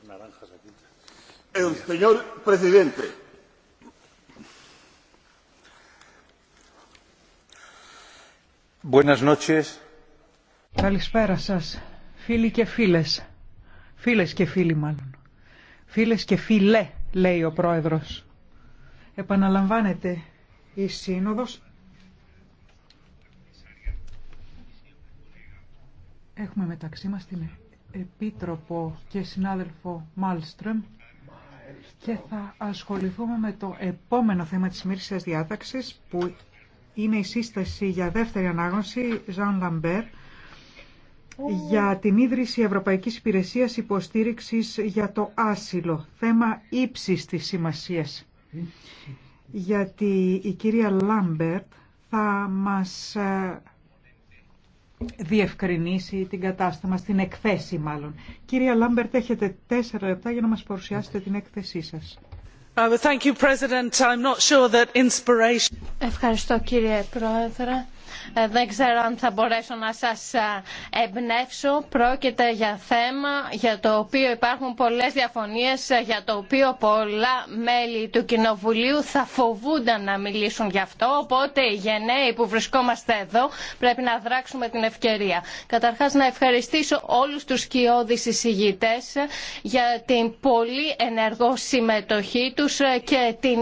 Καλησπέρα σας, φίλοι και φίλες. Φίλες και φίλοι μάλλον. Φίλες και φίλε, λέει ο πρόεδρος. Επαναλαμβάνεται η σύνοδος. Έχουμε μεταξύ μας την Επίτροπο και συνάδελφο Μάλστρεμ και θα ασχοληθούμε με το επόμενο θέμα της μύρισιας διάταξης που είναι η σύσταση για δεύτερη ανάγνωση Ζαν Λαμπέρ για την ίδρυση Ευρωπαϊκής Υπηρεσίας Υποστήριξης για το Άσυλο, θέμα ύψης της σημασίας. Γιατί η κυρία Λαμπέρ θα μας ε, διευκρινίσει την κατάσταση μας, την εκθέση μάλλον. Κυρία Λάμπερτ, έχετε τέσσερα λεπτά για να μας παρουσιάσετε την έκθεσή σας. Uh, Ευχαριστώ κύριε Πρόεδρε. Ε, δεν ξέρω αν θα μπορέσω να σας ε, εμπνεύσω. Πρόκειται για θέμα για το οποίο υπάρχουν πολλές διαφωνίες, ε, για το οποίο πολλά μέλη του Κοινοβουλίου θα φοβούνταν να μιλήσουν γι' αυτό. Οπότε οι γενναίοι που βρισκόμαστε εδώ πρέπει να δράξουμε την ευκαιρία. Καταρχάς να ευχαριστήσω όλους τους σκιώδεις εισηγητές για την πολύ ενεργό συμμετοχή τους και την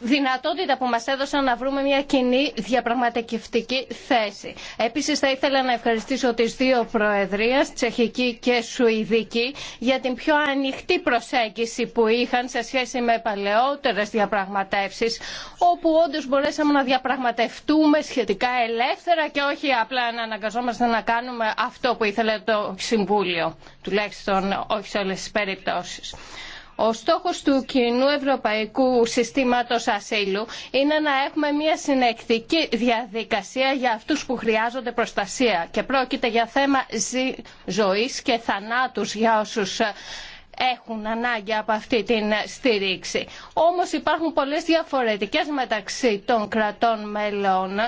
δυνατότητα που μας έδωσαν να βρούμε μια κοινή διαπραγματευτική θέση. Επίσης θα ήθελα να ευχαριστήσω τις δύο προεδρίες, Τσεχική και Σουηδική, για την πιο ανοιχτή προσέγγιση που είχαν σε σχέση με παλαιότερες διαπραγματεύσεις, όπου όντως μπορέσαμε να διαπραγματευτούμε σχετικά ελεύθερα και όχι απλά να αναγκαζόμαστε να κάνουμε αυτό που ήθελε το Συμβούλιο, τουλάχιστον όχι σε όλες τις περιπτώσεις. Ο στόχος του κοινού ευρωπαϊκού συστήματος ασύλου είναι να έχουμε μια συνεκτική διαδικασία για αυτούς που χρειάζονται προστασία και πρόκειται για θέμα ζωής και θανάτους για όσους ε, έχουν ανάγκη από αυτή την στήριξη. Όμως υπάρχουν πολλές διαφορετικές μεταξύ των κρατών μελών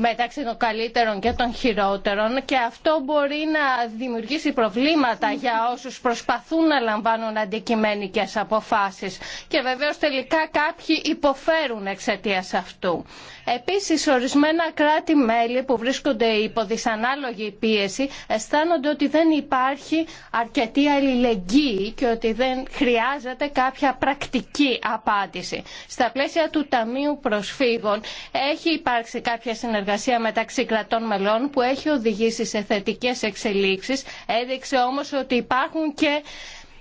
μεταξύ των καλύτερων και των χειρότερων και αυτό μπορεί να δημιουργήσει προβλήματα για όσους προσπαθούν να λαμβάνουν αντικειμενικές αποφάσεις και βεβαίως τελικά κάποιοι εξαιτία εξαιτίας αυτού. Επίσης ορισμένα κράτη-μέλη που βρίσκονται υπό δυσανάλογη πίεση αισθάνονται ότι δεν υπάρχει αρκετή αλληλεγγύη και ότι δεν χρειάζεται κάποια πρακτική απάντηση. Στα πλαίσια του Ταμείου Προσφύγων έχει υπάρξει κάποια συνεργασία συνεργασία μεταξύ κρατών μελών που έχει οδηγήσει σε θετικές εξελίξεις. Έδειξε όμως ότι υπάρχουν και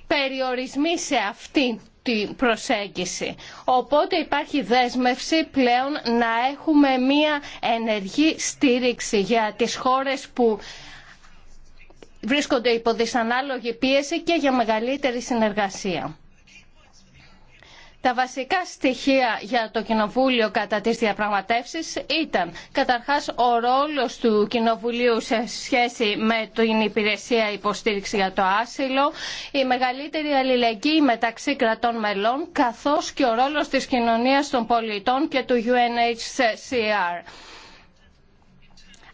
περιορισμοί σε αυτή την προσέγγιση. Οπότε υπάρχει δέσμευση πλέον να έχουμε μία ενεργή στήριξη για τις χώρες που βρίσκονται υπό δυσανάλογη πίεση και για μεγαλύτερη συνεργασία. Τα βασικά στοιχεία για το Κοινοβούλιο κατά τις διαπραγματεύσεις ήταν καταρχάς ο ρόλος του Κοινοβουλίου σε σχέση με την υπηρεσία υποστήριξη για το άσυλο, η μεγαλύτερη αλληλεγγύη μεταξύ κρατών μελών, καθώς και ο ρόλος της κοινωνίας των πολιτών και του UNHCR.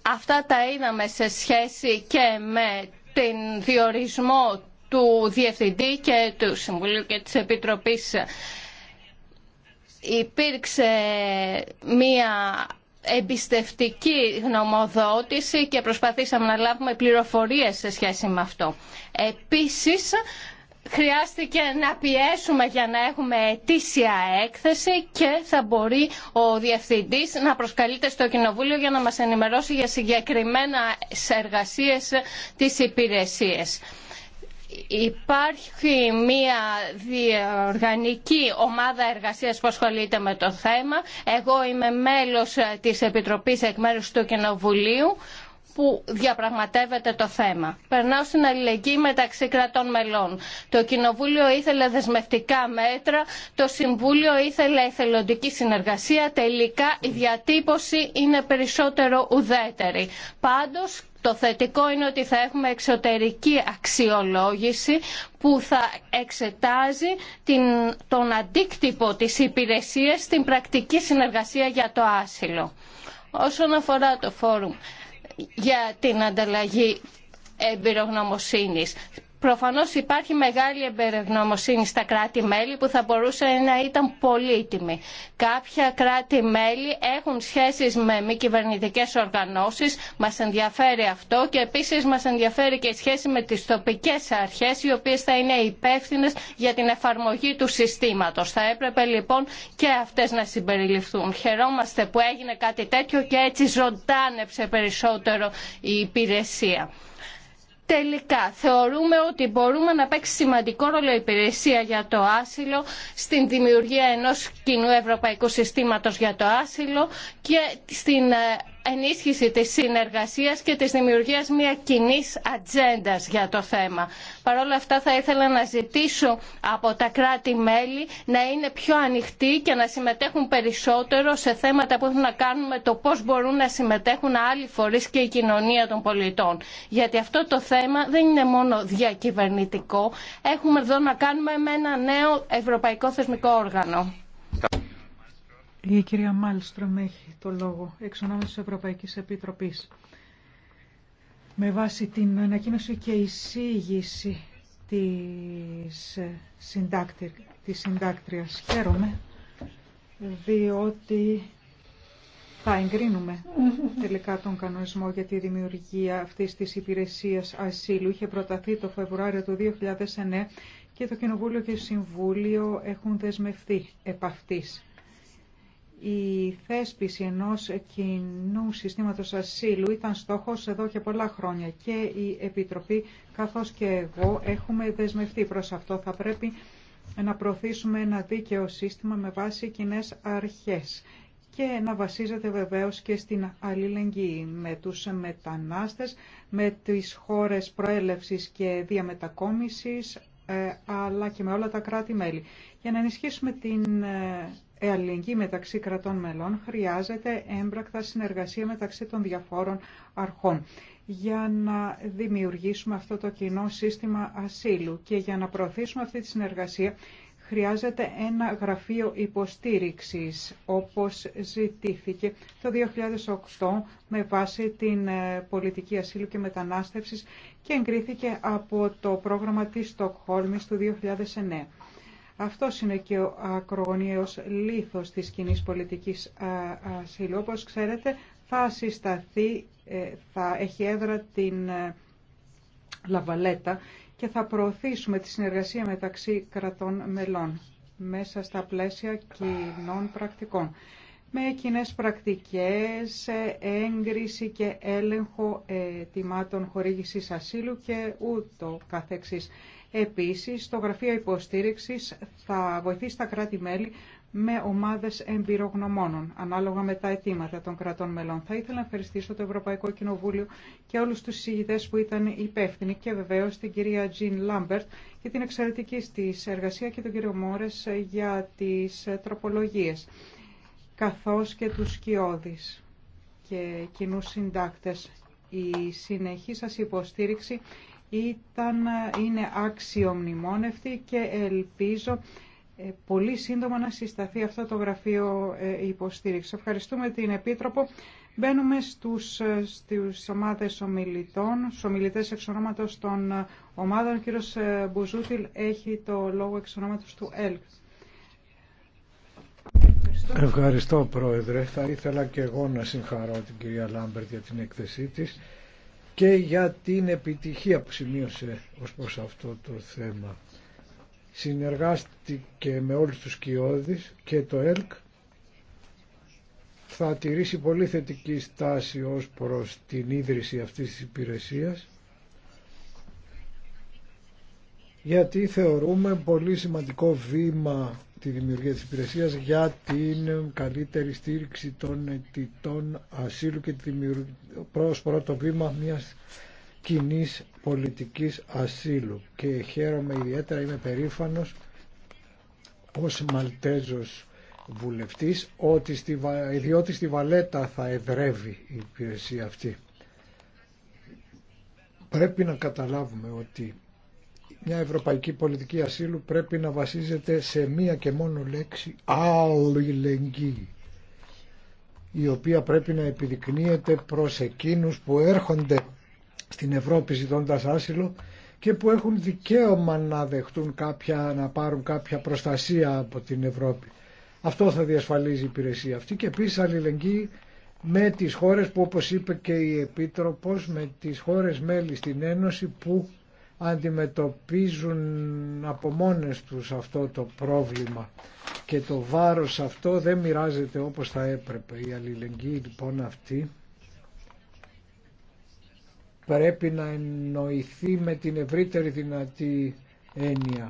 Αυτά τα είδαμε σε σχέση και με την διορισμό του Διευθυντή και του Συμβουλίου και της Επιτροπής υπήρξε μία εμπιστευτική γνωμοδότηση και προσπαθήσαμε να λάβουμε πληροφορίες σε σχέση με αυτό. Επίσης, χρειάστηκε να πιέσουμε για να έχουμε ετήσια έκθεση και θα μπορεί ο διευθυντής να προσκαλείται στο κοινοβούλιο για να μας ενημερώσει για συγκεκριμένα εργασίες της υπηρεσίας υπάρχει μια διοργανική ομάδα εργασίας που ασχολείται με το θέμα. Εγώ είμαι μέλος της Επιτροπής εκ μέρους του Κοινοβουλίου που διαπραγματεύεται το θέμα. Περνάω στην αλληλεγγύη μεταξύ κρατών μελών. Το Κοινοβούλιο ήθελε δεσμευτικά μέτρα, το Συμβούλιο ήθελε εθελοντική συνεργασία, τελικά η διατύπωση είναι περισσότερο ουδέτερη. Πάντως, το θετικό είναι ότι θα έχουμε εξωτερική αξιολόγηση που θα εξετάζει την, τον αντίκτυπο της υπηρεσίας στην πρακτική συνεργασία για το άσυλο. Όσον αφορά το φόρουμ, για την ανταλλαγή εμπειρογνωμοσύνης. Προφανώς υπάρχει μεγάλη εμπεριγνωμοσύνη στα κράτη-μέλη που θα μπορούσε να ήταν πολύτιμη. Κάποια κράτη-μέλη έχουν σχέσεις με μη κυβερνητικέ οργανώσεις, μας ενδιαφέρει αυτό και επίσης μας ενδιαφέρει και η σχέση με τις τοπικές αρχές οι οποίες θα είναι υπεύθυνε για την εφαρμογή του συστήματος. Θα έπρεπε λοιπόν και αυτές να συμπεριληφθούν. Χαιρόμαστε που έγινε κάτι τέτοιο και έτσι ζωντάνεψε περισσότερο η υπηρεσία. Τελικά, θεωρούμε ότι μπορούμε να παίξει σημαντικό ρόλο η υπηρεσία για το άσυλο στην δημιουργία ενός κοινού ευρωπαϊκού συστήματος για το άσυλο και στην ε, ενίσχυση της συνεργασίας και της δημιουργίας μια κοινή ατζέντα για το θέμα. Παρ' όλα αυτά θα ήθελα να ζητήσω από τα κράτη-μέλη να είναι πιο ανοιχτοί και να συμμετέχουν περισσότερο σε θέματα που έχουν να κάνουν με το πώς μπορούν να συμμετέχουν άλλοι φορείς και η κοινωνία των πολιτών. Γιατί αυτό το θέμα δεν είναι μόνο διακυβερνητικό. Έχουμε εδώ να κάνουμε με ένα νέο ευρωπαϊκό θεσμικό όργανο. Η κυρία Μάλστρομ έχει το λόγο εξ ονόματο της Ευρωπαϊκής Επιτροπής. Με βάση την ανακοίνωση και εισήγηση της, συντάκτρια, της συντάκτριας χαίρομαι διότι θα εγκρίνουμε τελικά τον κανονισμό για τη δημιουργία αυτής της υπηρεσίας ασύλου. Είχε προταθεί το Φεβρουάριο του 2009 και το Κοινοβούλιο και το Συμβούλιο έχουν δεσμευτεί επ' αυτής. Η θέσπιση ενός κοινού συστήματος ασύλου ήταν στόχος εδώ και πολλά χρόνια και η Επιτροπή καθώς και εγώ έχουμε δεσμευτεί προς αυτό. Θα πρέπει να προωθήσουμε ένα δίκαιο σύστημα με βάση κοινέ αρχές και να βασίζεται βεβαίως και στην αλληλεγγύη με τους μετανάστες, με τις χώρες προέλευσης και διαμετακόμισης, ε, αλλά και με όλα τα κράτη-μέλη. Για να ενισχύσουμε την ε, αλληλεγγύη μεταξύ κρατών μελών χρειάζεται έμπρακτα συνεργασία μεταξύ των διαφόρων αρχών για να δημιουργήσουμε αυτό το κοινό σύστημα ασύλου και για να προωθήσουμε αυτή τη συνεργασία χρειάζεται ένα γραφείο υποστήριξης όπως ζητήθηκε το 2008 με βάση την ε, πολιτική ασύλου και μετανάστευσης και εγκρίθηκε από το πρόγραμμα της Στοκχόλμης του 2009. Αυτό είναι και ο ακρογωνιαίος λίθος της κοινή πολιτικής ασύλου. Όπως ξέρετε θα συσταθεί, ε, θα έχει έδρα την ε, Λαβαλέτα και θα προωθήσουμε τη συνεργασία μεταξύ κρατών μελών μέσα στα πλαίσια κοινών πρακτικών με κοινέ πρακτικές, έγκριση και έλεγχο ετοιμάτων χορήγησης ασύλου και ούτω καθεξής. Επίσης, το Γραφείο Υποστήριξης θα βοηθήσει τα κράτη-μέλη με ομάδες εμπειρογνωμόνων, ανάλογα με τα αιτήματα των κρατών μελών. Θα ήθελα να ευχαριστήσω το Ευρωπαϊκό Κοινοβούλιο και όλους τους συζητητές που ήταν υπεύθυνοι και βεβαίως την κυρία Τζιν Λάμπερτ για την εξαιρετική της εργασία και τον κύριο Μόρες για τις τροπολογίες καθώς και τους σκιώδεις και κοινούς συντάκτες. Η συνεχή σας υποστήριξη ήταν, είναι μνημόνευτη και ελπίζω ε, πολύ σύντομα να συσταθεί αυτό το γραφείο ε, υποστήριξη. Ευχαριστούμε την Επίτροπο. Μπαίνουμε στους, ε, στους ομάδες ομιλητών, στους ομιλητές εξ ονόματος των ομάδων. Ο κύριος Μπουζούτιλ έχει το λόγο εξ ονόματος του ΕΛΚ. Ευχαριστώ Πρόεδρε. Θα ήθελα και εγώ να συγχαρώ την κυρία Λάμπερτ για την έκθεσή της και για την επιτυχία που σημείωσε ως προς αυτό το θέμα. Συνεργάστηκε με όλους τους κοιόδης και το ΕΛΚ θα τηρήσει πολύ θετική στάση ως προς την ίδρυση αυτής της υπηρεσίας γιατί θεωρούμε πολύ σημαντικό βήμα τη δημιουργία της υπηρεσίας για την καλύτερη στήριξη των αιτητών ασύλου και τη προς πρώτο βήμα μιας κοινή πολιτικής ασύλου. Και χαίρομαι ιδιαίτερα, είμαι περήφανος ως Μαλτέζος βουλευτής ότι στη, διότι στη Βαλέτα θα εδρεύει η υπηρεσία αυτή. Πρέπει να καταλάβουμε ότι μια ευρωπαϊκή πολιτική ασύλου πρέπει να βασίζεται σε μία και μόνο λέξη αλληλεγγύη η οποία πρέπει να επιδεικνύεται προς εκείνους που έρχονται στην Ευρώπη ζητώντας άσυλο και που έχουν δικαίωμα να δεχτούν κάποια, να πάρουν κάποια προστασία από την Ευρώπη. Αυτό θα διασφαλίζει η υπηρεσία αυτή και επίσης αλληλεγγύη με τις χώρες που όπως είπε και η Επίτροπος, με τις χώρες μέλη στην Ένωση που αντιμετωπίζουν από μόνες τους αυτό το πρόβλημα και το βάρος αυτό δεν μοιράζεται όπως θα έπρεπε. Η αλληλεγγύη λοιπόν αυτή πρέπει να εννοηθεί με την ευρύτερη δυνατή έννοια.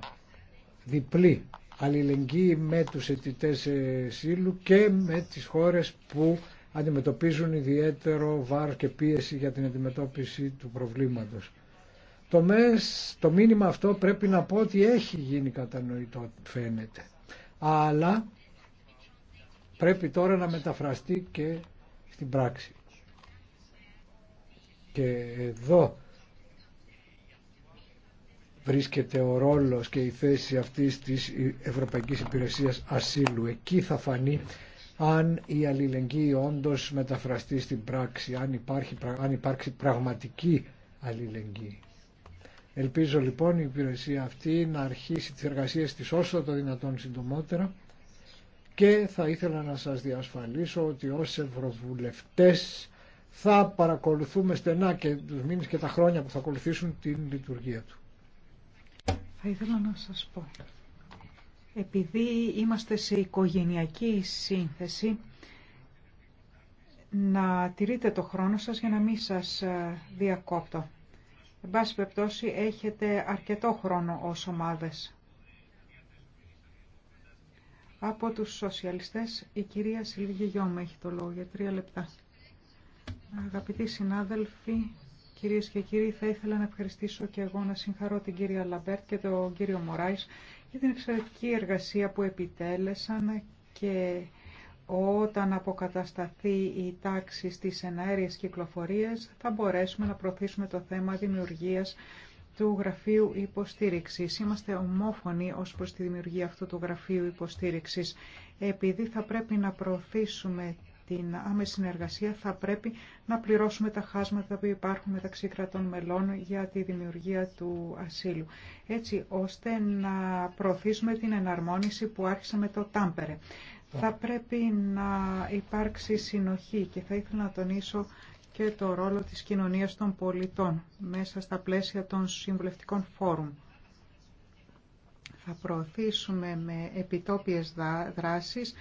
Διπλή αλληλεγγύη με τους αιτητές σύλλου και με τις χώρες που αντιμετωπίζουν ιδιαίτερο βάρος και πίεση για την αντιμετώπιση του προβλήματος. Το, το μήνυμα αυτό πρέπει να πω ότι έχει γίνει κατανοητό φαίνεται. Αλλά πρέπει τώρα να μεταφραστεί και στην πράξη. Και εδώ βρίσκεται ο ρόλος και η θέση αυτής της Ευρωπαϊκής Υπηρεσίας Ασύλου. Εκεί θα φανεί αν η αλληλεγγύη όντως μεταφραστεί στην πράξη, αν, υπάρχει, αν υπάρξει πραγματική αλληλεγγύη. Ελπίζω λοιπόν η υπηρεσία αυτή να αρχίσει τις εργασίες της όσο το δυνατόν συντομότερα και θα ήθελα να σας διασφαλίσω ότι ως ευρωβουλευτές θα παρακολουθούμε στενά και τους μήνες και τα χρόνια που θα ακολουθήσουν την λειτουργία του. Θα ήθελα να σας πω, επειδή είμαστε σε οικογενειακή σύνθεση, να τηρείτε το χρόνο σας για να μην σας ε, διακόπτω. Εν πάση περιπτώσει έχετε αρκετό χρόνο ως ομάδες. Από τους σοσιαλιστές η κυρία Σιλβίγη έχει το λόγο για τρία λεπτά. Αγαπητοί συνάδελφοι, κυρίες και κύριοι, θα ήθελα να ευχαριστήσω και εγώ να συγχαρώ την κυρία Λαμπέρτ και τον κύριο Μωράης για την εξαιρετική εργασία που επιτέλεσαν και όταν αποκατασταθεί η τάξη στις εναέριες κυκλοφορίες θα μπορέσουμε να προωθήσουμε το θέμα δημιουργίας του Γραφείου Υποστήριξης. Είμαστε ομόφωνοι ως προς τη δημιουργία αυτού του Γραφείου Υποστήριξης. Επειδή θα πρέπει να προωθήσουμε την άμεση συνεργασία θα πρέπει να πληρώσουμε τα χάσματα που υπάρχουν μεταξύ κρατών μελών για τη δημιουργία του ασύλου. Έτσι ώστε να προωθήσουμε την εναρμόνιση που άρχισε με το Τάμπερε. Θα πρέπει να υπάρξει συνοχή και θα ήθελα να τονίσω και το ρόλο της κοινωνίας των πολιτών μέσα στα πλαίσια των συμβουλευτικών φόρουμ. Θα προωθήσουμε με επιτόπιες δράσεις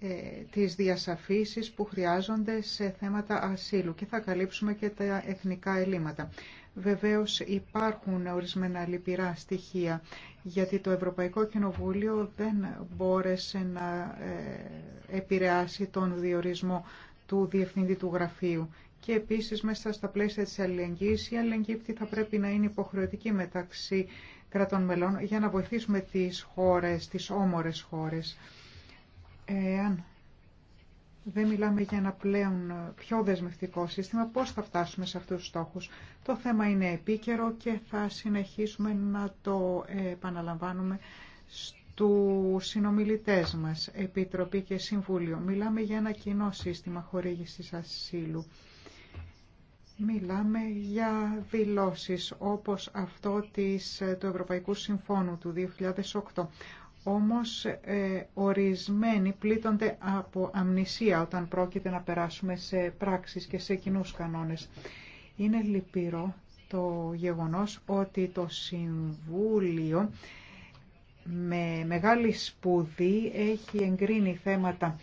ε, τις διασαφήσεις που χρειάζονται σε θέματα ασύλου και θα καλύψουμε και τα εθνικά ελλείμματα. Βεβαίως υπάρχουν ορισμένα λυπηρά στοιχεία, γιατί το Ευρωπαϊκό Κοινοβούλιο δεν μπόρεσε να ε, επηρεάσει τον διορισμό του Διευθυντή του Γραφείου. Και επίσης μέσα στα πλαίσια της αλληλεγγύης, η αλληλεγγύη θα πρέπει να είναι υποχρεωτική μεταξύ κρατών μελών για να βοηθήσουμε τις χώρες, τις όμορες χώρες δεν μιλάμε για ένα πλέον πιο δεσμευτικό σύστημα, πώς θα φτάσουμε σε αυτούς τους στόχους. Το θέμα είναι επίκαιρο και θα συνεχίσουμε να το επαναλαμβάνουμε στους συνομιλητές μας, Επιτροπή και Συμβούλιο. Μιλάμε για ένα κοινό σύστημα χορήγησης ασύλου. Μιλάμε για δηλώσεις όπως αυτό της, του Ευρωπαϊκού Συμφώνου του 2008, όμως ε, ορισμένοι πλήττονται από αμνησία όταν πρόκειται να περάσουμε σε πράξεις και σε κοινού κανόνες. Είναι λυπηρό το γεγονός ότι το Συμβούλιο με μεγάλη σπουδή έχει εγκρίνει θέματα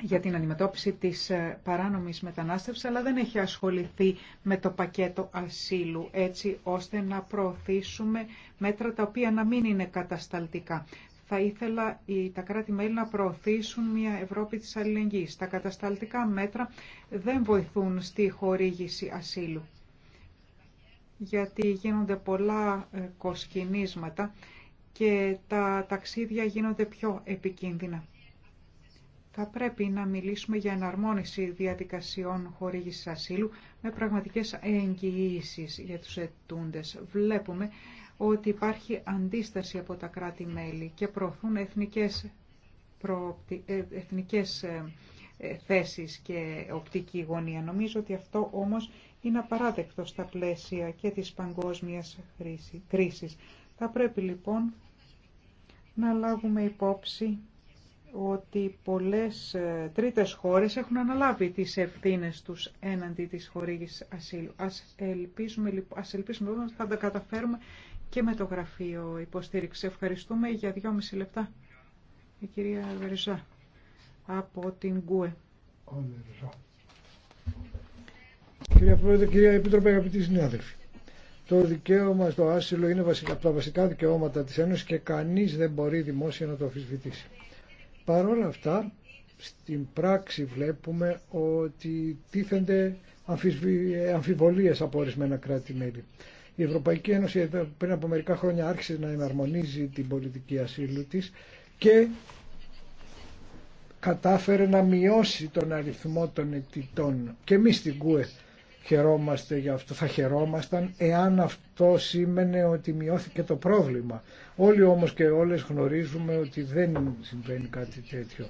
για την αντιμετώπιση της ε, παράνομης μετανάστευσης, αλλά δεν έχει ασχοληθεί με το πακέτο ασύλου, έτσι ώστε να προωθήσουμε μέτρα τα οποία να μην είναι κατασταλτικά. Θα ήθελα τα κράτη-μέλη να προωθήσουν μια Ευρώπη της αλληλεγγύης. Τα κατασταλτικά μέτρα δεν βοηθούν στη χορήγηση ασύλου, γιατί γίνονται πολλά ε, κοσκινίσματα και τα ταξίδια γίνονται πιο επικίνδυνα θα πρέπει να μιλήσουμε για εναρμόνιση διαδικασιών χορήγησης ασύλου με πραγματικές εγγυήσει για τους ετούντες. Βλέπουμε ότι υπάρχει αντίσταση από τα κράτη-μέλη και προωθούν εθνικές, προ... Ε, εθνικές ε, ε, θέσεις και οπτική γωνία. Νομίζω ότι αυτό όμως είναι απαράδεκτο στα πλαίσια και της παγκόσμιας κρίσης. Θα πρέπει λοιπόν να λάβουμε υπόψη ότι πολλές ε, τρίτες χώρες έχουν αναλάβει τις ευθύνες τους έναντι της χορήγησης ασύλου. Ας ελπίσουμε, λοιπόν, ας ελπίσουμε ότι θα τα καταφέρουμε και με το γραφείο υποστήριξη. Ευχαριστούμε για δυόμιση λεπτά. Η κυρία Βεριζά από την ΚΟΕ. Κυρία Πρόεδρε, κυρία Επίτροπε, αγαπητοί συνάδελφοι. Το δικαίωμα στο άσυλο είναι από τα βασικά δικαιώματα της Ένωσης και κανείς δεν μπορεί δημόσια να το αφισβητήσει. Παρ' όλα αυτά, στην πράξη βλέπουμε ότι τίθενται αμφιβολίες από ορισμένα κράτη-μέλη. Η Ευρωπαϊκή Ένωση πριν από μερικά χρόνια άρχισε να εναρμονίζει την πολιτική ασύλου της και κατάφερε να μειώσει τον αριθμό των αιτητών. Και εμείς στην ΚΟΕ χαιρόμαστε για αυτό, θα χαιρόμασταν εάν αυτό σήμαινε ότι μειώθηκε το πρόβλημα. Όλοι όμως και όλες γνωρίζουμε ότι δεν συμβαίνει κάτι τέτοιο.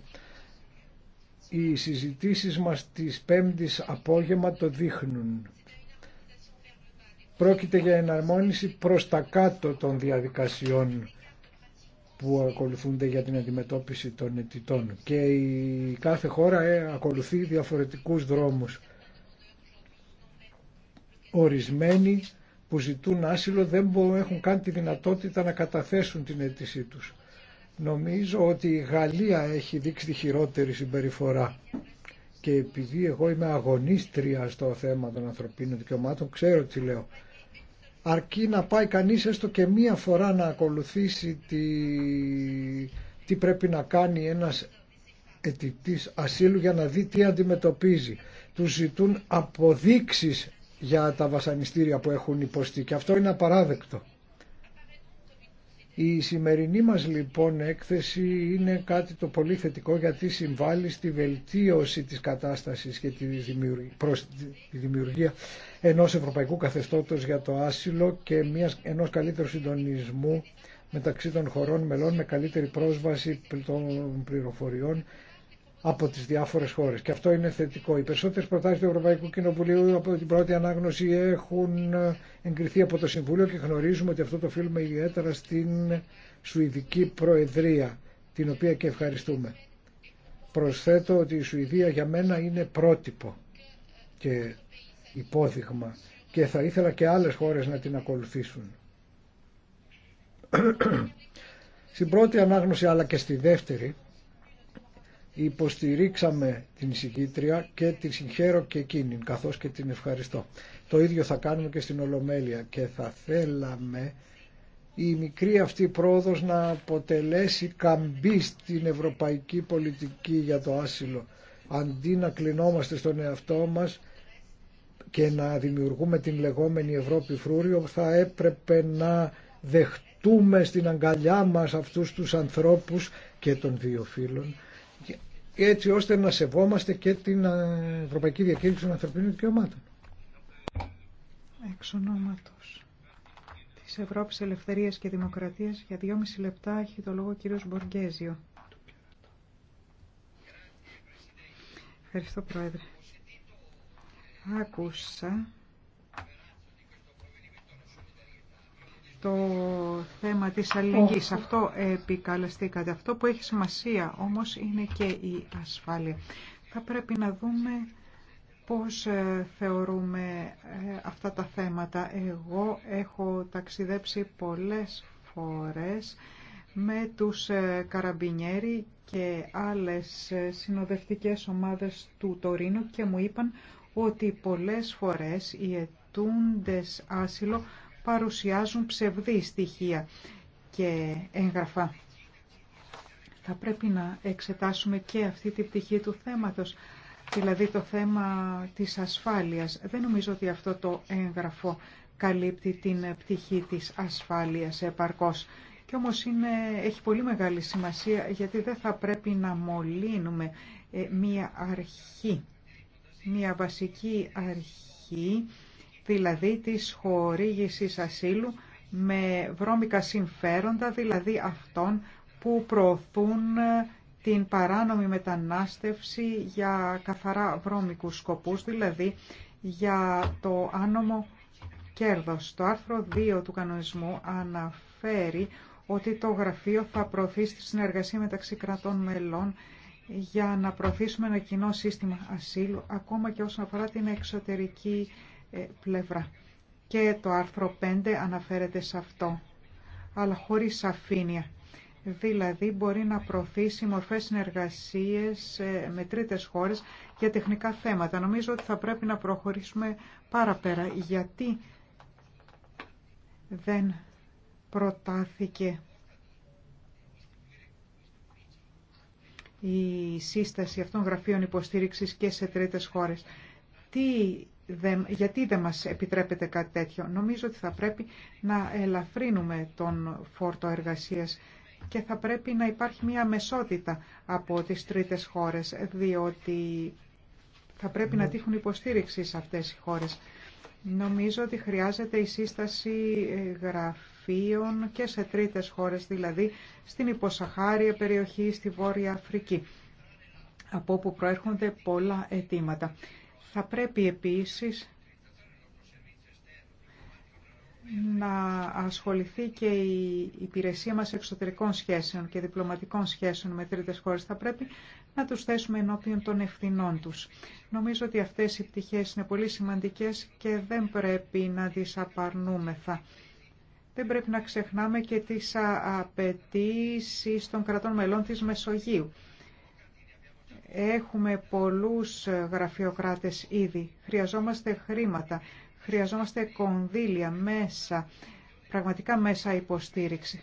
Οι συζητήσεις μας τις πέμπτης απόγευμα το δείχνουν. Πρόκειται για εναρμόνιση προς τα κάτω των διαδικασιών που ακολουθούνται για την αντιμετώπιση των αιτητών και κάθε χώρα ε, ακολουθεί διαφορετικούς δρόμους Ορισμένοι που ζητούν άσυλο δεν μπορούν, έχουν καν τη δυνατότητα να καταθέσουν την αίτησή τους. Νομίζω ότι η Γαλλία έχει δείξει τη χειρότερη συμπεριφορά και επειδή εγώ είμαι αγωνίστρια στο θέμα των ανθρωπίνων δικαιωμάτων, ξέρω τι λέω, αρκεί να πάει κανείς έστω και μία φορά να ακολουθήσει τι, τι πρέπει να κάνει ένας αιτητής ασύλου για να δει τι αντιμετωπίζει. Τους ζητούν αποδείξεις για τα βασανιστήρια που έχουν υποστεί και αυτό είναι απαράδεκτο. Η σημερινή μας λοιπόν έκθεση είναι κάτι το πολύ θετικό γιατί συμβάλλει στη βελτίωση της κατάστασης και τη προς τη δημιουργία ενός ευρωπαϊκού καθεστώτος για το άσυλο και μιας, ενός καλύτερου συντονισμού μεταξύ των χωρών μελών με καλύτερη πρόσβαση των πληροφοριών από τις διάφορες χώρες. Και αυτό είναι θετικό. Οι περισσότερες προτάσεις του Ευρωπαϊκού Κοινοβουλίου από την πρώτη ανάγνωση έχουν εγκριθεί από το Συμβούλιο και γνωρίζουμε ότι αυτό το οφείλουμε ιδιαίτερα στην Σουηδική Προεδρία, την οποία και ευχαριστούμε. Προσθέτω ότι η Σουηδία για μένα είναι πρότυπο και υπόδειγμα και θα ήθελα και άλλες χώρες να την ακολουθήσουν. Στην πρώτη ανάγνωση αλλά και στη δεύτερη Υποστηρίξαμε την συγκήτρια και την συγχαίρω και εκείνη, καθώς και την ευχαριστώ. Το ίδιο θα κάνουμε και στην Ολομέλεια και θα θέλαμε η μικρή αυτή πρόοδος να αποτελέσει καμπή στην ευρωπαϊκή πολιτική για το άσυλο αντί να κλεινόμαστε στον εαυτό μας και να δημιουργούμε την λεγόμενη Ευρώπη Φρούριο θα έπρεπε να δεχτούμε στην αγκαλιά μας αυτούς τους ανθρώπους και των δύο φίλων έτσι ώστε να σεβόμαστε και την ε, Ευρωπαϊκή Διακήρυξη των Ανθρωπίνων Δικαιωμάτων. Εξ ονόματος της Ευρώπης Ελευθερίας και Δημοκρατίας για δυόμιση λεπτά έχει το λόγο ο κύριος Μποργκέζιο. Ευχαριστώ Πρόεδρε. Άκουσα το θέμα της αλληλεγγύης. Αυτό επικαλεστήκατε. Αυτό που έχει σημασία όμως είναι και η ασφάλεια. Θα πρέπει να δούμε πώς ε, θεωρούμε ε, αυτά τα θέματα. Εγώ έχω ταξιδέψει πολλές φορές με τους ε, καραμπινιέρι και άλλες συνοδευτικές ομάδες του Τωρίνου και μου είπαν ότι πολλές φορές οι ετούντες άσυλο παρουσιάζουν ψευδή στοιχεία και έγγραφα. Θα πρέπει να εξετάσουμε και αυτή την πτυχή του θέματος, δηλαδή το θέμα της ασφάλειας. Δεν νομίζω ότι αυτό το έγγραφο καλύπτει την πτυχή της ασφάλειας επαρκώς. Και όμως είναι, έχει πολύ μεγάλη σημασία γιατί δεν θα πρέπει να μολύνουμε ε, μία αρχή, μία βασική αρχή δηλαδή της χορήγησης ασύλου με βρώμικα συμφέροντα, δηλαδή αυτών που προωθούν ε, την παράνομη μετανάστευση για καθαρά βρώμικους σκοπούς, δηλαδή για το άνομο κέρδος. Το άρθρο 2 του κανονισμού αναφέρει ότι το γραφείο θα προωθήσει τη συνεργασία μεταξύ κρατών μελών για να προωθήσουμε ένα κοινό σύστημα ασύλου, ακόμα και όσον αφορά την εξωτερική ε, πλευρά. Και το άρθρο 5 αναφέρεται σε αυτό, αλλά χωρίς αφήνεια. Δηλαδή μπορεί να προωθήσει μορφές συνεργασίες ε, με τρίτες χώρες για τεχνικά θέματα. Νομίζω ότι θα πρέπει να προχωρήσουμε πέρα. Γιατί δεν προτάθηκε η σύσταση αυτών γραφείων υποστήριξης και σε τρίτες χώρες. Τι δεν, γιατί δεν μας επιτρέπεται κάτι τέτοιο. Νομίζω ότι θα πρέπει να ελαφρύνουμε τον φόρτο εργασίας και θα πρέπει να υπάρχει μια μεσότητα από τις τρίτες χώρες, διότι θα πρέπει να ναι. τύχουν υποστήριξη σε αυτές οι χώρες. Νομίζω ότι χρειάζεται η σύσταση ε, γραφείων και σε τρίτες χώρες, δηλαδή στην υποσαχάρια περιοχή, στη Βόρεια Αφρική, από όπου προέρχονται πολλά αιτήματα. Θα πρέπει επίσης να ασχοληθεί και η υπηρεσία μας εξωτερικών σχέσεων και διπλωματικών σχέσεων με τρίτες χώρες. Θα πρέπει να τους θέσουμε ενώπιον των ευθυνών τους. Νομίζω ότι αυτές οι πτυχές είναι πολύ σημαντικές και δεν πρέπει να τις απαρνούμεθα. Δεν πρέπει να ξεχνάμε και τις απαιτήσει των κρατών μελών της Μεσογείου. Έχουμε πολλούς γραφειοκράτες ήδη. Χρειαζόμαστε χρήματα, χρειαζόμαστε κονδύλια, μέσα, πραγματικά μέσα υποστήριξη.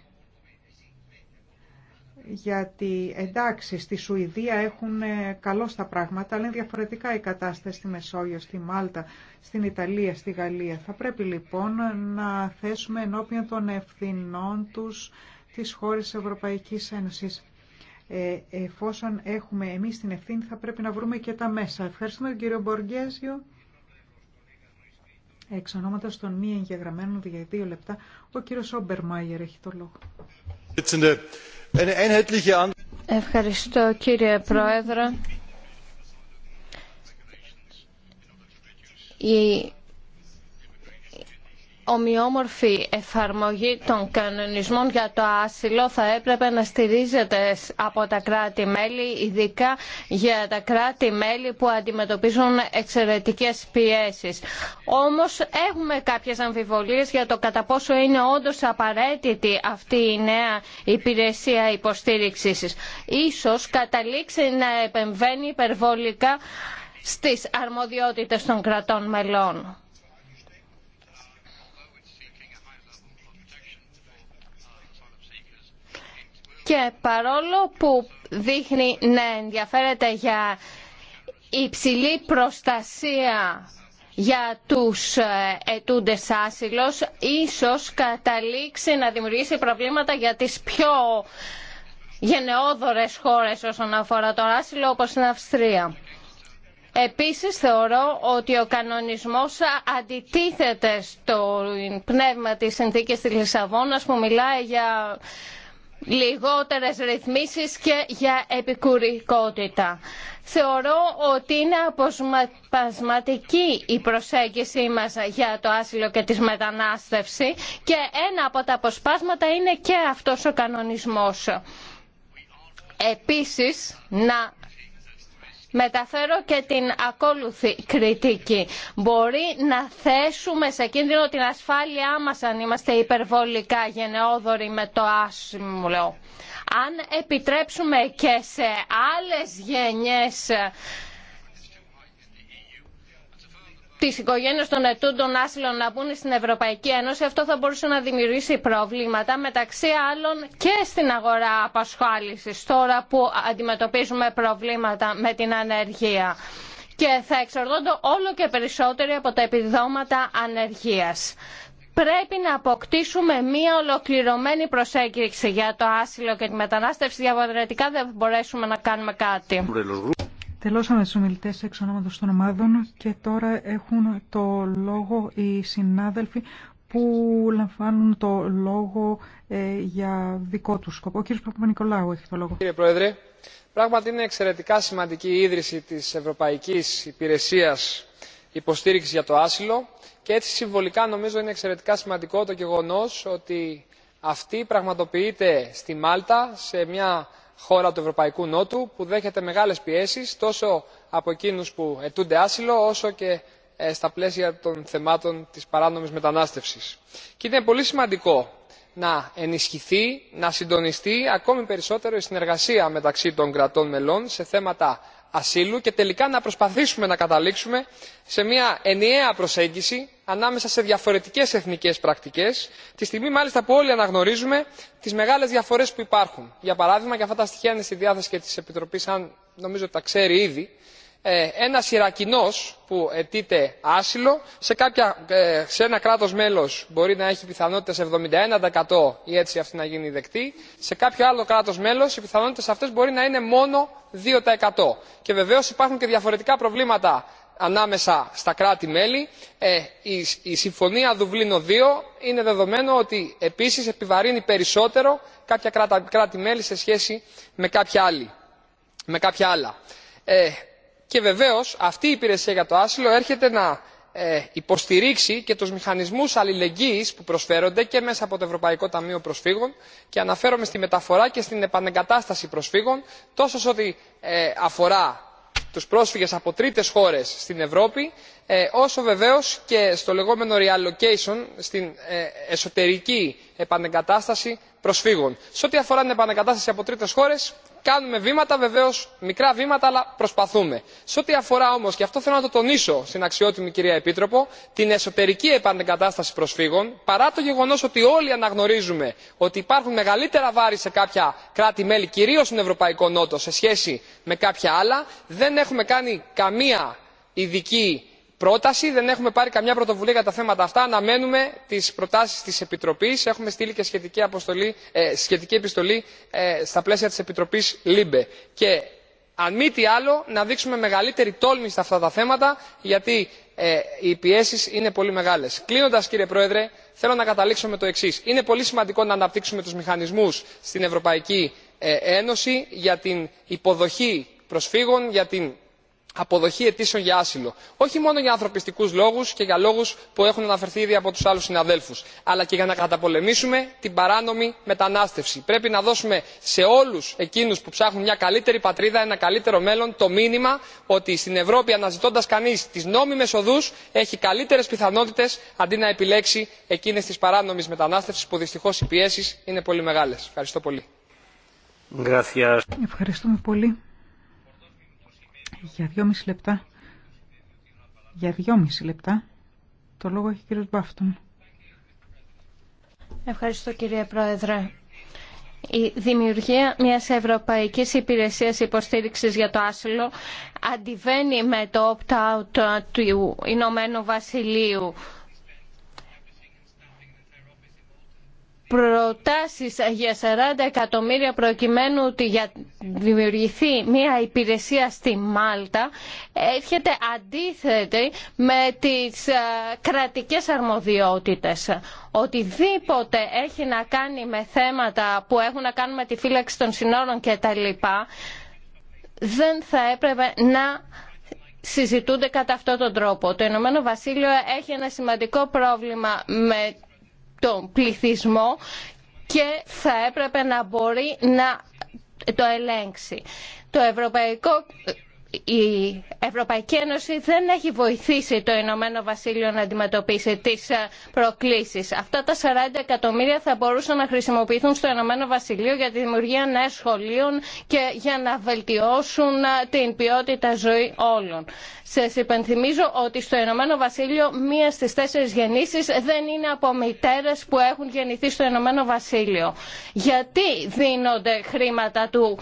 Γιατί εντάξει, στη Σουηδία έχουν ε, καλό στα πράγματα, αλλά είναι διαφορετικά η κατάσταση στη Μεσόγειο, στη Μάλτα, στην Ιταλία, στη Γαλλία. Θα πρέπει λοιπόν να θέσουμε ενώπιον των ευθυνών τους τις χώρες Ευρωπαϊκής Ένωσης ε, εφόσον έχουμε εμείς την ευθύνη θα πρέπει να βρούμε και τα μέσα. Ευχαριστούμε τον κύριο Μποργέζιο. Εξ ονόματος των μη εγγεγραμμένων για δύο λεπτά, ο κύριος Όμπερ έχει το λόγο. Ευχαριστώ κύριε Πρόεδρε. Η ομοιόμορφη εφαρμογή των κανονισμών για το άσυλο θα έπρεπε να στηρίζεται από τα κράτη-μέλη, ειδικά για τα κράτη-μέλη που αντιμετωπίζουν εξαιρετικές πιέσεις. Όμως έχουμε κάποιες αμφιβολίες για το κατά πόσο είναι όντως απαραίτητη αυτή η νέα υπηρεσία υποστήριξης. Ίσως καταλήξει να επεμβαίνει υπερβολικά στις αρμοδιότητες των κρατών μελών. και παρόλο που δείχνει να ενδιαφέρεται για υψηλή προστασία για τους ε, ετούντες άσυλος, ίσως καταλήξει να δημιουργήσει προβλήματα για τις πιο γενναιόδορες χώρες όσον αφορά το άσυλο, όπως στην Αυστρία. Επίσης θεωρώ ότι ο κανονισμός αντιτίθεται στο πνεύμα της συνθήκης της Λισαβόνας που μιλάει για λιγότερες ρυθμίσεις και για επικουρικότητα. Θεωρώ ότι είναι αποσπασματική η προσέγγιση μας για το άσυλο και τη μετανάστευση και ένα από τα αποσπάσματα είναι και αυτός ο κανονισμός. Επίσης, να μεταφέρω και την ακόλουθη κριτική. Μπορεί να θέσουμε σε κίνδυνο την ασφάλειά μας αν είμαστε υπερβολικά γενναιόδοροι με το άσυλο. Αν επιτρέψουμε και σε άλλες γενιές τι οικογένειε των ετούντων άσυλων να μπουν στην Ευρωπαϊκή Ένωση, αυτό θα μπορούσε να δημιουργήσει προβλήματα μεταξύ άλλων και στην αγορά απασχόληση, τώρα που αντιμετωπίζουμε προβλήματα με την ανεργία. Και θα εξορδόντω όλο και περισσότεροι από τα επιδόματα ανεργίας πρέπει να αποκτήσουμε μια ολοκληρωμένη προσέγγιση για το άσυλο και τη μετανάστευση διαφορετικά δεν μπορέσουμε να κάνουμε κάτι. Τελώσαμε τους ομιλητές εξ ονόματος των ομάδων και τώρα έχουν το λόγο οι συνάδελφοι που λαμβάνουν το λόγο ε, για δικό τους σκοπό. Ο κ. Παπα-Νικολάου έχει το λόγο. Κύριε Πρόεδρε, πράγματι είναι εξαιρετικά σημαντική η ίδρυση της Ευρωπαϊκής Υπηρεσίας Υποστήριξης για το Άσυλο και έτσι συμβολικά νομίζω είναι εξαιρετικά σημαντικό το γεγονός ότι αυτή πραγματοποιείται στη Μάλτα σε μια χώρα του ευρωπαϊκού νότου που δέχεται μεγάλες πιέσεις τόσο από εκείνου που αιτούνται άσυλο όσο και ε, στα πλαίσια των θεμάτων της παράνομης μετανάστευσης. Και είναι πολύ σημαντικό να ενισχυθεί, να συντονιστεί ακόμη περισσότερο η συνεργασία μεταξύ των κρατών μελών σε θέματα ασύλου και τελικά να προσπαθήσουμε να καταλήξουμε σε μια ενιαία προσέγγιση ανάμεσα σε διαφορετικές εθνικές πρακτικές τη στιγμή μάλιστα που όλοι αναγνωρίζουμε τις μεγάλες διαφορές που υπάρχουν. για παράδειγμα και αυτά τα στοιχεία είναι στη διάθεση και της επιτροπής αν νομίζω ότι τα ξέρει ήδη ε, ένας ιρακινός που αιτείται άσυλο ε, σε ένα κράτος μέλος μπορεί να έχει πιθανότητες 71% η έτσι αυτή να γίνει δεκτή σε κάποιο άλλο κράτος μέλος οι πιθανότητες αυτές μπορεί να είναι μόνο 2%. και βεβαίως υπάρχουν και διαφορετικά προβλήματα ανάμεσα στα κράτη μέλη ε, η συμφωνία δουβλίνο 2 είναι δεδομένο ότι επίσης επιβαρύνει περισσότερο κάποια κράτη μέλη σε σχέση με κάποια άλλα. Ε, και βεβαίως αυτή η υπηρεσία για το άσυλο έρχεται να ε, υποστηρίξει και τους μηχανισμούς αλληλεγγύης που προσφέρονται και μέσα από το ευρωπαϊκό ταμείο προσφύγων και αναφέρομαι στη μεταφορά και στην επανεγκατάσταση προσφύγων τόσο σε ό,τι αφορά τους πρόσφυγες από τρίτες χώρες στην ευρώπη ε, όσο βεβαίως και στο λεγόμενο reallocation στην ε, εσωτερική επανεγκατάσταση προσφύγων. σε ό,τι αφορά την επανεγκατάσταση από τρίτες χώρες κάνουμε βήματα βεβαίω μικρά βήματα αλλά προσπαθούμε. σε ό,τι αφορά όμω και αυτό θέλω να το τονίσω στην αξιότιμη κυρία επίτροπο την εσωτερική επανεγκατάσταση προσφύγων παρά το γεγονό ότι όλοι αναγνωρίζουμε ότι υπάρχουν μεγαλύτερα βάρη σε κάποια κράτη μέλη κυρίω στον ευρωπαϊκό νότο σε σχέση με κάποια άλλα δεν έχουμε κάνει καμία ειδική πρόταση δεν έχουμε πάρει καμιά πρωτοβουλία για τα θέματα αυτά αναμένουμε τις προτάσεις της επιτροπής έχουμε στείλει και σχετική ε, επιστολή ε, στα πλαίσια της επιτροπής libe και αν μη τι άλλο να δείξουμε μεγαλύτερη τόλμη σε αυτά τα θέματα γιατί ε, οι πιέσει είναι πολύ μεγάλε. κλείνοντα κύριε πρόεδρε θέλω να καταλήξω με το εξή είναι πολύ σημαντικό να αναπτύξουμε του μηχανισμού στην ευρωπαϊκή ένωση για την υποδοχή προσφύγων για την αποδοχή αιτήσεων για άσυλο όχι μόνο για ανθρωπιστικού λόγου και για λόγου που έχουν αναφερθεί ήδη από του άλλου συναδέλφου αλλά και για να καταπολεμήσουμε την παράνομη μετανάστευση. πρέπει να δώσουμε σε όλου εκείνου που ψάχνουν μια καλύτερη πατρίδα ένα καλύτερο μέλλον το μήνυμα ότι στην ευρώπη αναζητώντα κανεί τι νόμιμε οδού έχει καλύτερε πιθανότητε αντί να επιλέξει εκείνε τι παράνομη μετανάστευση που δυστυχώ οι πιέσει είναι πολύ μεγάλε. ευχαριστώ Ευχαριστούμε πολύ. Για δυόμιση λεπτά. Για δυόμιση λεπτά. Το λόγο έχει ο κύριος Μπάφτον. Ευχαριστώ κύριε Πρόεδρε. Η δημιουργία μιας Ευρωπαϊκής Υπηρεσίας Υποστήριξης για το Άσυλο αντιβαίνει με το opt-out του Ηνωμένου Βασιλείου προτάσεις για 40 εκατομμύρια προκειμένου ότι για δημιουργηθεί μια υπηρεσία στη Μάλτα έρχεται αντίθετη με τις ε, κρατικές αρμοδιότητες. Οτιδήποτε έχει να κάνει με θέματα που έχουν να κάνουν με τη φύλαξη των συνόρων και τα λοιπά, δεν θα έπρεπε να συζητούνται κατά αυτόν τον τρόπο. Το Ηνωμένο Βασίλειο έχει ένα σημαντικό πρόβλημα με τον πληθυσμό και θα έπρεπε να μπορεί να το ελέγξει. Το Ευρωπαϊκό η Ευρωπαϊκή Ένωση δεν έχει βοηθήσει το Ηνωμένο Βασίλειο να αντιμετωπίσει τις ε, προκλήσεις. Αυτά τα 40 εκατομμύρια θα μπορούσαν να χρησιμοποιηθούν στο Ηνωμένο Βασίλειο για τη δημιουργία νέων σχολείων και για να βελτιώσουν ε, την ποιότητα ζωή όλων. Σας υπενθυμίζω ότι στο Ηνωμένο Βασίλειο μία στις τέσσερις γεννήσεις δεν είναι από μητέρε που έχουν γεννηθεί στο Ηνωμένο Βασίλειο. Γιατί δίνονται χρήματα του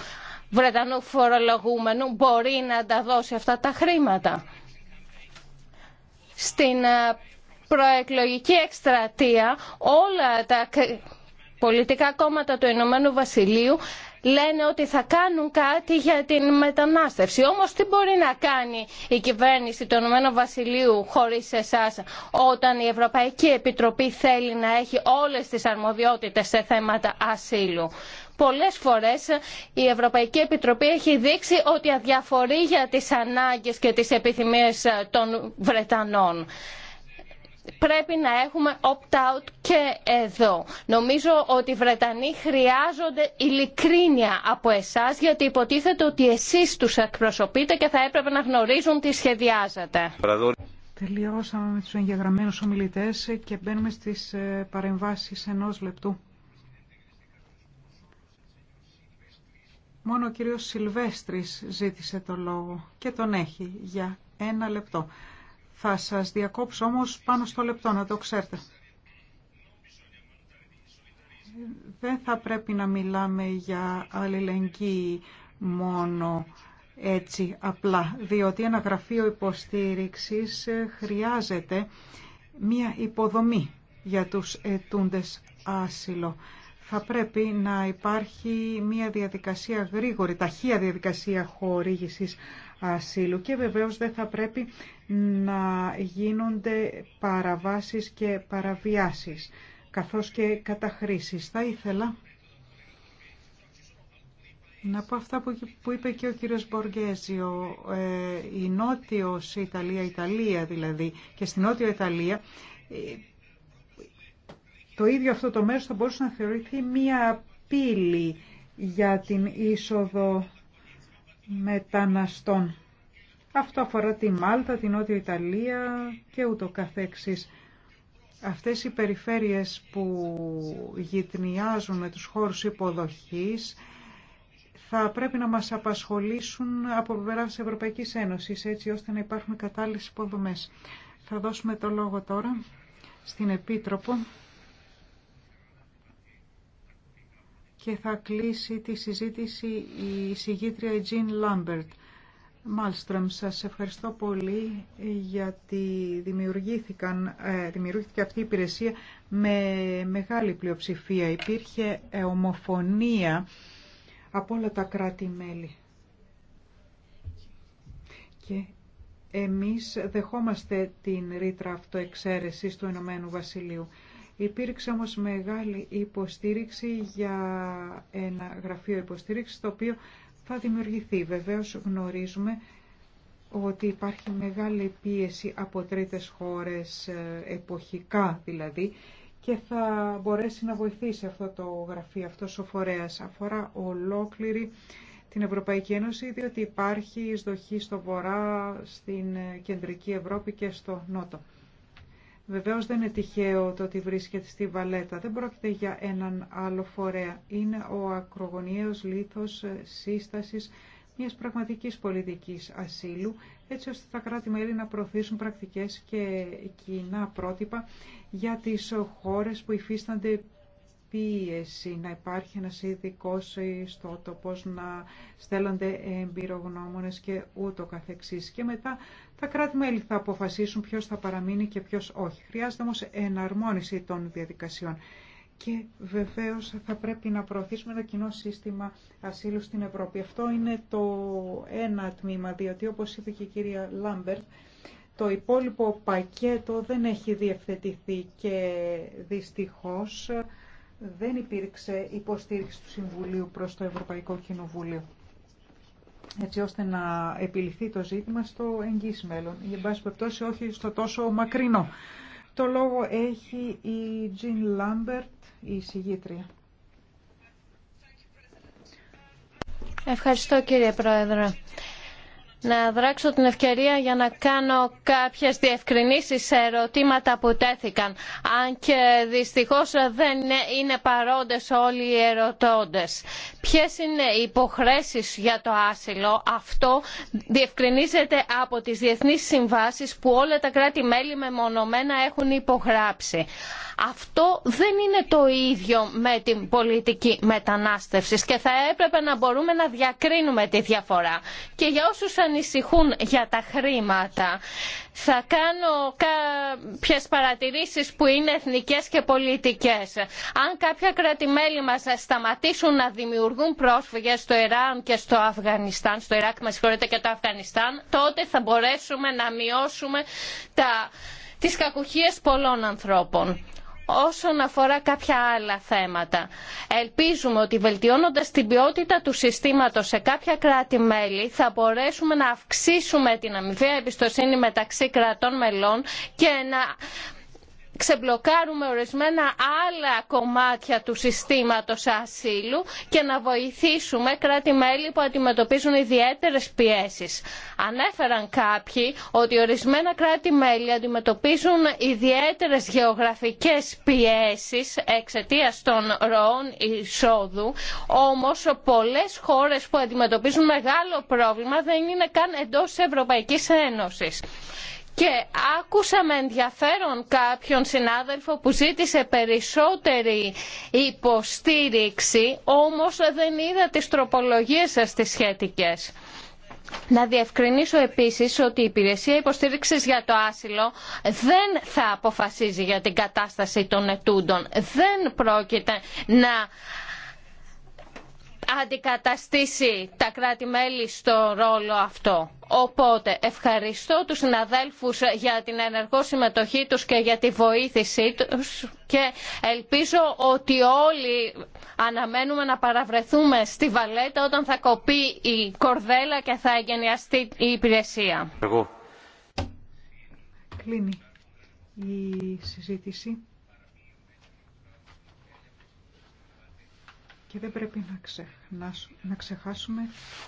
Βρετανού φορολογούμενου μπορεί να τα δώσει αυτά τα χρήματα. Στην ε, προεκλογική εκστρατεία όλα τα πολιτικά κόμματα του Ηνωμένου Βασιλείου λένε ότι θα κάνουν κάτι για την μετανάστευση. Όμως τι μπορεί να κάνει η κυβέρνηση του Ηνωμένου Βασιλείου χωρίς εσάς όταν η Ευρωπαϊκή Επιτροπή θέλει να έχει όλες τις αρμοδιότητες σε θέματα ασύλου. Πολλές φορές η Ευρωπαϊκή Επιτροπή έχει δείξει ότι αδιαφορεί για τις ανάγκες και τις επιθυμίες των Βρετανών πρέπει να έχουμε opt-out και εδώ. Νομίζω ότι οι Βρετανοί χρειάζονται ειλικρίνεια από εσάς γιατί υποτίθεται ότι εσείς τους εκπροσωπείτε και θα έπρεπε να γνωρίζουν τι σχεδιάζετε. Τελειώσαμε με τους εγγεγραμμένους ομιλητές και μπαίνουμε στις ε, παρεμβάσεις ενός λεπτού. Μόνο ο κύριος Σιλβέστρης ζήτησε το λόγο και τον έχει για ένα λεπτό. Θα σας διακόψω όμως πάνω στο λεπτό, να το ξέρετε. Δεν θα πρέπει να μιλάμε για αλληλεγγύη μόνο έτσι απλά, διότι ένα γραφείο υποστήριξης χρειάζεται μία υποδομή για τους ετούντες άσυλο θα πρέπει να υπάρχει μια διαδικασία γρήγορη, ταχεία διαδικασία χορήγησης ασύλου και βεβαίως δεν θα πρέπει να γίνονται παραβάσεις και παραβιάσεις, καθώς και καταχρήσεις. Θα ήθελα να πω αυτά που είπε και ο κύριος Μποργέζιο. Ε, η Νότιος Ιταλία, Ιταλία δηλαδή, και στη Νότιο Ιταλία ε, το ίδιο αυτό το μέρος θα μπορούσε να θεωρηθεί μία πύλη για την είσοδο μεταναστών. Αυτό αφορά τη Μάλτα, την Νότια Ιταλία και ούτω καθεξής. Αυτές οι περιφέρειες που γυτνιάζουν με τους χώρους υποδοχής θα πρέπει να μας απασχολήσουν από πλευρά της Ευρωπαϊκής Ένωσης, έτσι ώστε να υπάρχουν κατάλληλες υποδομές. Θα δώσουμε το λόγο τώρα στην Επίτροπο. και θα κλείσει τη συζήτηση η συγγήτρια Τζιν Jean Lambert. Μάλστρομ, σας ευχαριστώ πολύ γιατί δημιουργήθηκαν, ε, δημιουργήθηκε αυτή η υπηρεσία με μεγάλη πλειοψηφία. Υπήρχε ομοφωνία από όλα τα κράτη-μέλη. Και εμείς δεχόμαστε την ρήτρα αυτοεξαίρεσης του Ηνωμένου Βασιλείου. Υπήρξε όμως μεγάλη υποστήριξη για ένα γραφείο υποστήριξης το οποίο θα δημιουργηθεί. Βεβαίως γνωρίζουμε ότι υπάρχει μεγάλη πίεση από τρίτες χώρες, ε, εποχικά δηλαδή, και θα μπορέσει να βοηθήσει αυτό το γραφείο, αυτό ο φορέας. Αφορά ολόκληρη την Ευρωπαϊκή Ένωση, διότι υπάρχει εισδοχή στο Βορρά, στην ε, Κεντρική Ευρώπη και στο Νότο. Βεβαίως δεν είναι τυχαίο το ότι βρίσκεται στη Βαλέτα. Δεν πρόκειται για έναν άλλο φορέα. Είναι ο ακρογωνιαίος λίθος σύστασης μιας πραγματικής πολιτικής ασύλου, έτσι ώστε τα κράτη-μέλη να προωθήσουν πρακτικές και κοινά πρότυπα για τις χώρες που υφίστανται πίεση, να υπάρχει ένας ειδικό τοπος να στέλνονται εμπειρογνώμονες και ούτω καθεξής. Και μετά τα κράτη-μέλη θα αποφασίσουν ποιος θα παραμείνει και ποιος όχι. Χρειάζεται όμως εναρμόνιση των διαδικασιών. Και βεβαίως θα πρέπει να προωθήσουμε ένα κοινό σύστημα ασύλου στην Ευρώπη. Αυτό είναι το ένα τμήμα, διότι όπως είπε και η κυρία Λάμπερτ, το υπόλοιπο πακέτο δεν έχει διευθετηθεί και δυστυχώς δεν υπήρξε υποστήριξη του Συμβουλίου προς το Ευρωπαϊκό Κοινοβούλιο έτσι ώστε να επιληθεί το ζήτημα στο εγγύς μέλλον. Για πάση περιπτώσει όχι στο τόσο μακρινό. Το λόγο έχει η Τζιν Λάμπερτ, η συγγήτρια. Ευχαριστώ κύριε Πρόεδρε να δράξω την ευκαιρία για να κάνω κάποιες διευκρινήσεις σε ερωτήματα που τέθηκαν αν και δυστυχώς δεν είναι παρόντες όλοι οι ερωτώντες. Ποιες είναι οι υποχρέσεις για το άσυλο αυτό διευκρινίζεται από τις διεθνείς συμβάσεις που όλα τα κράτη-μέλη μεμονωμένα έχουν υπογράψει. Αυτό δεν είναι το ίδιο με την πολιτική μετανάστευση και θα έπρεπε να μπορούμε να διακρίνουμε τη διαφορά. Και για όσους ανησυχούν για τα χρήματα. Θα κάνω κάποιες παρατηρήσεις που είναι εθνικές και πολιτικές. Αν κάποια κράτη-μέλη μας σταματήσουν να δημιουργούν πρόσφυγες στο Ιράν και στο Αφγανιστάν, στο Ιράκ και το Αφγανιστάν, τότε θα μπορέσουμε να μειώσουμε τα τις κακουχίες πολλών ανθρώπων όσον αφορά κάποια άλλα θέματα. Ελπίζουμε ότι βελτιώνοντας την ποιότητα του συστήματος σε κάποια κράτη-μέλη θα μπορέσουμε να αυξήσουμε την αμοιβαία εμπιστοσύνη μεταξύ κρατών μελών και να ξεμπλοκάρουμε ορισμένα άλλα κομμάτια του συστήματος ασύλου και να βοηθήσουμε κράτη-μέλη που αντιμετωπίζουν ιδιαίτερες πιέσεις. Ανέφεραν κάποιοι ότι ορισμένα κράτη-μέλη αντιμετωπίζουν ιδιαίτερες γεωγραφικές πιέσεις εξαιτίας των ροών εισόδου, όμως πολλές χώρες που αντιμετωπίζουν μεγάλο πρόβλημα δεν είναι καν εντός Ευρωπαϊκής Ένωσης και άκουσα με ενδιαφέρον κάποιον συνάδελφο που ζήτησε περισσότερη υποστήριξη, όμως δεν είδα τις τροπολογίες σας τις σχετικές. Να διευκρινίσω επίσης ότι η Υπηρεσία Υποστήριξης για το Άσυλο δεν θα αποφασίζει για την κατάσταση των ετούντων. Δεν πρόκειται να αντικαταστήσει τα κράτη-μέλη στο ρόλο αυτό. Οπότε ευχαριστώ τους συναδέλφους για την ενεργό συμμετοχή τους και για τη βοήθησή τους και ελπίζω ότι όλοι αναμένουμε να παραβρεθούμε στη Βαλέτα όταν θα κοπεί η κορδέλα και θα εγγενιαστεί η υπηρεσία. η συζήτηση. Και δεν πρέπει να, ξεχάσουμε